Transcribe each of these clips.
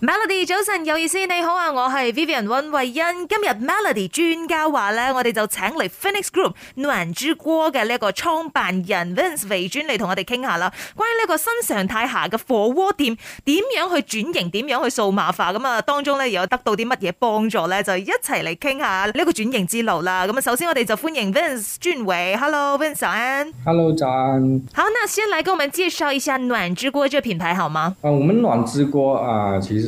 Melody 早晨，有意思你好啊，我係 Vivian 溫慧欣。今日 Melody 專家話咧，我哋就請嚟 Phoenix Group Nuan 暖之鍋嘅呢一個創辦人 Wincce 韋專嚟同我哋傾下啦。關於呢一個新常態下嘅火鍋店點樣去轉型，點樣去數碼化咁啊？當中咧有得到啲乜嘢幫助咧？就一齊嚟傾下呢個轉型之路啦。咁啊，首先我哋就歡迎 Wincce 專偉，Hello Wincce，Hello 早晨。好，那先嚟跟我們介紹一下 Nuan 暖之鍋呢個品牌好嗎？啊，我們暖之鍋啊，其實。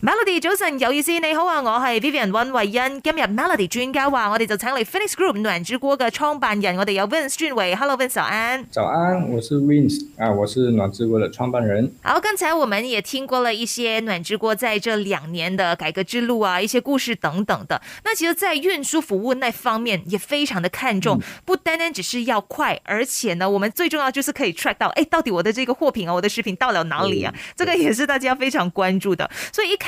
Melody 早晨，有意思，你好啊，我係 Vivian 溫慧欣。今日 Melody 專家話，我哋就請嚟 Finish Group 暖之鍋嘅創辦人，我哋有 Wincce 專為 Hello Wincce 早安。早安，我是 Wincce 啊，我是暖之鍋嘅創辦人。好，剛才我們也聽過了一些暖之鍋在這兩年的改革之路啊，一些故事等等的。那其實，在運輸服務那方面也非常的看重、嗯，不單單只是要快，而且呢，我們最重要就是可以 track 到，誒、欸，到底我的這個貨品啊，我的食品到了哪裏啊、嗯？這個也是大家非常關注的。所以一開